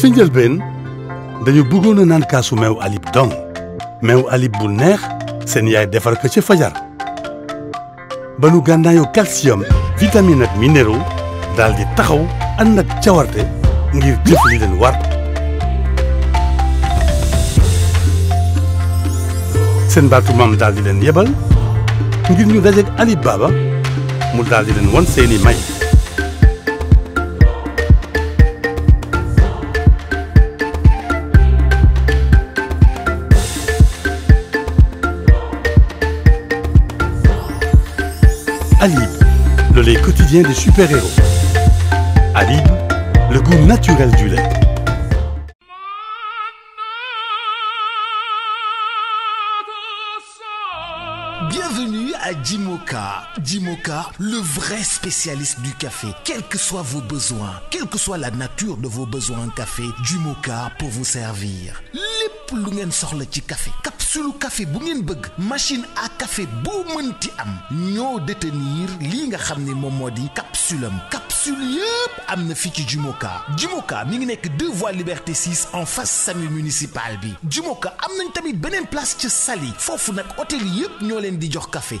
ca njëlbeen dañu bëggoon a naan kaasu meew alib dong meew alib bu neex seen yaay defar ko ca fajar ba nu gànnaayoo calcium vitamine ak minéraux daal taxaw ànd ak cawarte ngir jëf li leen war seen baatu maam daal leen yebal ngir ñu dajeek alib baaba mu daal leen won seeni may Alib, le lait quotidien des super-héros. le goût naturel du lait. Jimoka. Jimoka, le vrai spécialiste du café. Quels que soient vos besoins, quelle que soit la nature de vos besoins en café, Jimoka pour vous servir. lépp lu ngeen soxla ci café capsule café bu ngeen bëgg machine à café boo mënti am ñoo détenir lii nga xam ni moom moo di capsule am capsule yëpp am na fii ci Jimoka Jimoka mi ngi nekk deux voi Liberté 6 en face SAMU municipal bi Jimoka am nañ tamit beneen place ca Saly foofu nag hôtel yëpp ñoo leen di jox café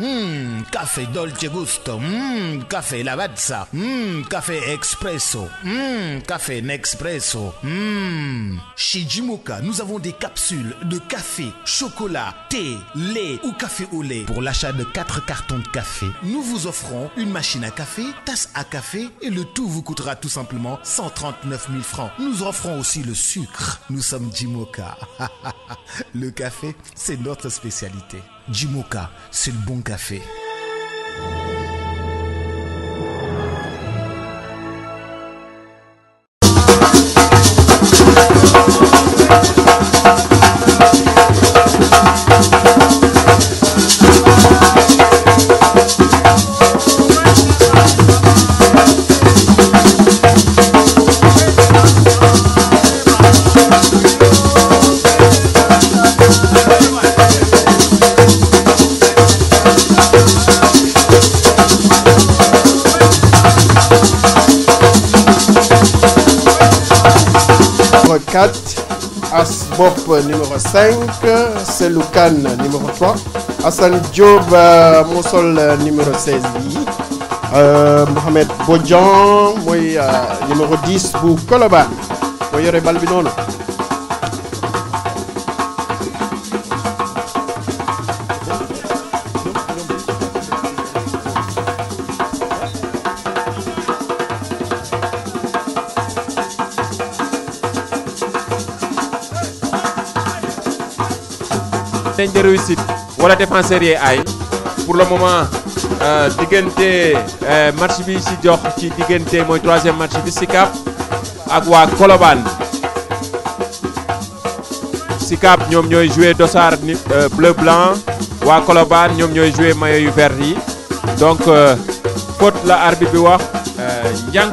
Mmm, caffè dolce gusto. Mmm, caffè lavazza. Mmm, caffè expresso. Mmm, café Nexpresso. Mmm. Chez Jimoka, nous avons des capsules de café, chocolat, thé, lait ou café au lait. Pour l'achat de 4 cartons de café, nous vous offrons une machine à café, tasse à café et le tout vous coûtera tout simplement 139 000 francs. Nous offrons aussi le sucre. Nous sommes Jimoka. le café, c'est notre spécialité. Jimoka, c'est le bon café. 4 Asbop numéro 5 Selou Kane numéro 3 Assane Diop euh, moo sol numéro 16 bi euh, Mohamed Bodian mooy euh, numéro 10 bu Colobane moo yore bal bi noonu nañ de wala défenseur yee ay pour le moment euh, diggante euh, match bi si jox ci diggante mooy troisième match bi kap ak waa Colobane Sicap ñoom ñooy joué dossard ni euh, bleu blanc waa Colobane ñoom ñooy joué maillot yu vert yi donc faute la arbitre bi wax njànk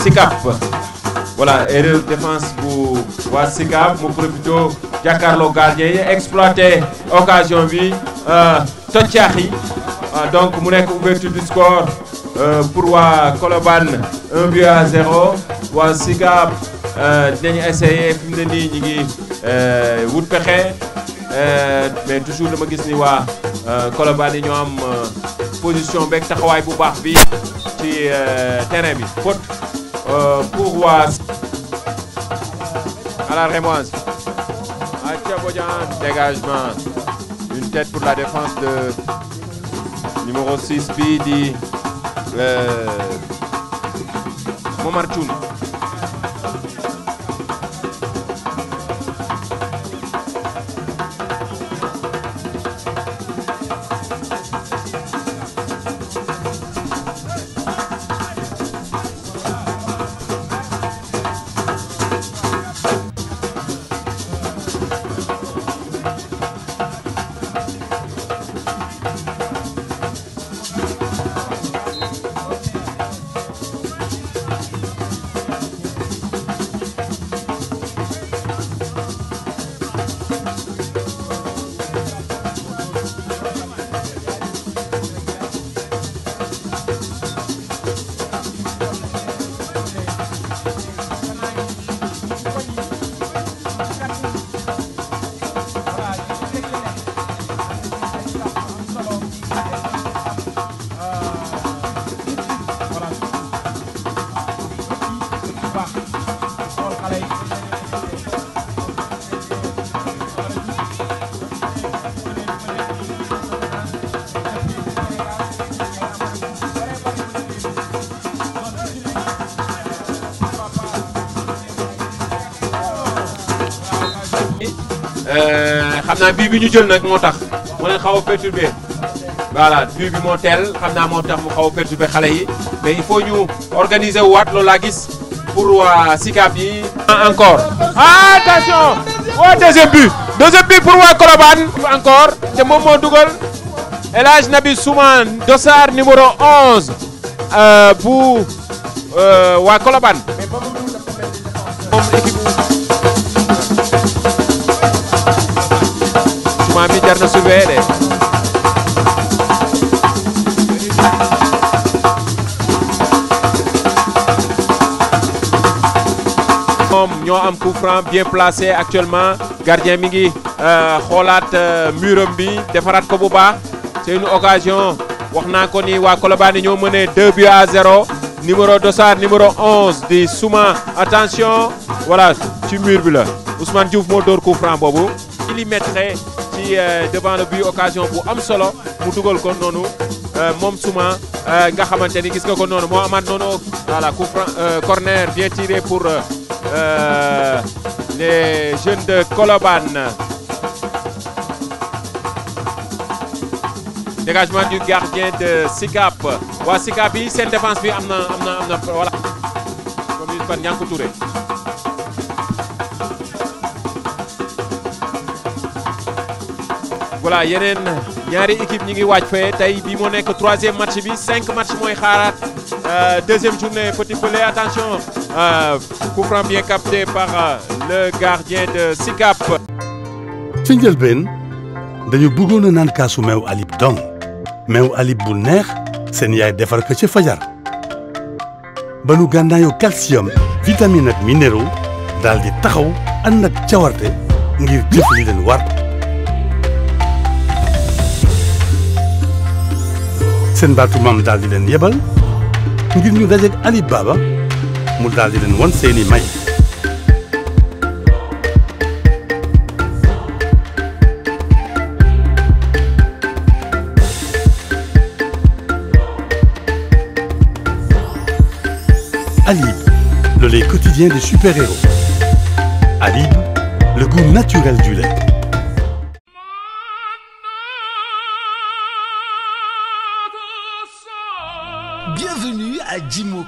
SICAP voilà erreur défense bu waa SICAP mu profito jàkkaarloo gardien yi exploité occasion bi euh, toccaax yi euh, donc mu nekk ouverture du score euh, pour waa Colobane 1 but à 0 waa SICAP dinañu essayé fi mu ne nii ñu ngi wut pexe mais toujours dama gis ni waa Colobane yi ñoo am position beeg taxawaay bu baax bi ci terrain bi Euh, pour waa à la rémoise à Thiabodian dégagement une tête pour la défense de numéro 6 bi di Momar Thioune Euh, xam naa bii bi ñu jël nag moo tax moo leen xaw a perturbé voilà bii bi moo teel xam naa moo tax mu xaw a perturbé xale yi mais il faut ñu organiser waat loolu laa gis pour yi. encore attention. waa deuxième but deuxième but encore te moom moo dugal El Hadj Nabi Souman dossard numéro 11 euh, bu euh, waa Colobane. événement bi jar na surveiller de moom ñoo am coup franc bien placé actuellement gardien mi ngi euh, xoolaat euh, muram bi defaraat ko bu baax c'est occasion wax naa ko ni waa Colobane ñoo mënee 2 buts à 0 numéro dossard numéro 11 di Souma attention voilà ci mur bi la Ousmane Diouf moo dóor coup franc boobu millimétré ci euh, devant le but occasion bu am solo bu dugal ko noonu euh, moom suma euh, nga xamante ni gis nga ko noonu moo amaat noonu voilà coup franc corner bien tiré pour les jeunes de Colobane dégagement du gardien de Sicap waa Sicap yi seen bi am na am na am na voilà comme Youssoufane Niankou voilà yeneen ñaari équipe ñi ngi waaj fee tey bi moo nekk troisième match bi cinq match mooy xaaraat euh, deuxième journée petit pelé attention euh, coup franc bien capté par euh, le gardien de Sicap ci njëlbeen dañu bëggoon a naan kaasu meew alib dong meew alib bu neex seen yaay defar ko ci fajar ba nu gànnaayoo calcium vitamine ak minéraux daal di taxaw ànd ak cawarte ngir jëf leen war seen baatu maam daal di leen yebal won seeni may Alib, le lait quotidien des super Alib, le goût naturel du lait.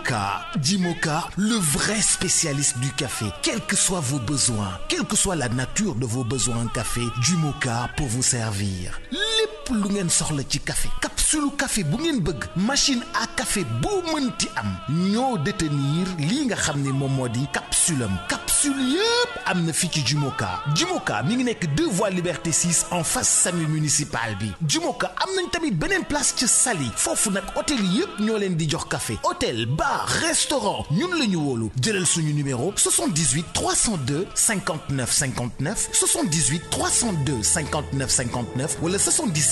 Jimoka. Jimoka, le vrai spécialiste du café. Quels que soient vos besoins, quelle que soit la nature de vos besoins en café, Jimoka pour vous servir. lépp lu ngeen soxla ci café capsule café bu ngeen bëgg machine à café boo mënti am ñoo détenir lii nga xam ni moom moo di capsule am capsule yëpp am na fii ci Jumoka Jumoka mi ngi nekk deux voies liberté 6 en face SAMU municipal bi Jumoka am nañ tamit beneen place ca Saly foofu nag hôtel yëpp ñoo leen di jox café hôtel bar restaurant ñun la ñu wóolu jëlal suñu numéro 78 302 59 59 78 302 59 59 wala 70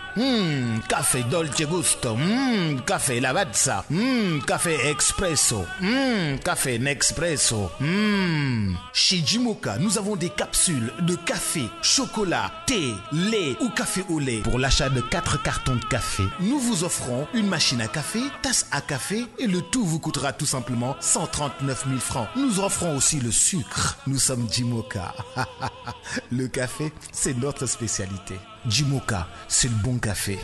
Mmm, caffè dolce gusto, mmm, caffè lavazza, mmm, caffè expresso, mmm, caffè Nexpresso, Chez mmm. Jimoka, nous avons des capsules de café, chocolat, thé, lait ou café au lait. Pour l'achat de 4 cartons de café, nous vous offrons une machine à café, tasse à café et le tout vous coûtera tout simplement 139 000 francs. Nous offrons aussi le sucre. Nous sommes Jimoka. le café, c'est notre spécialité. Jimoka, c'est le bon café.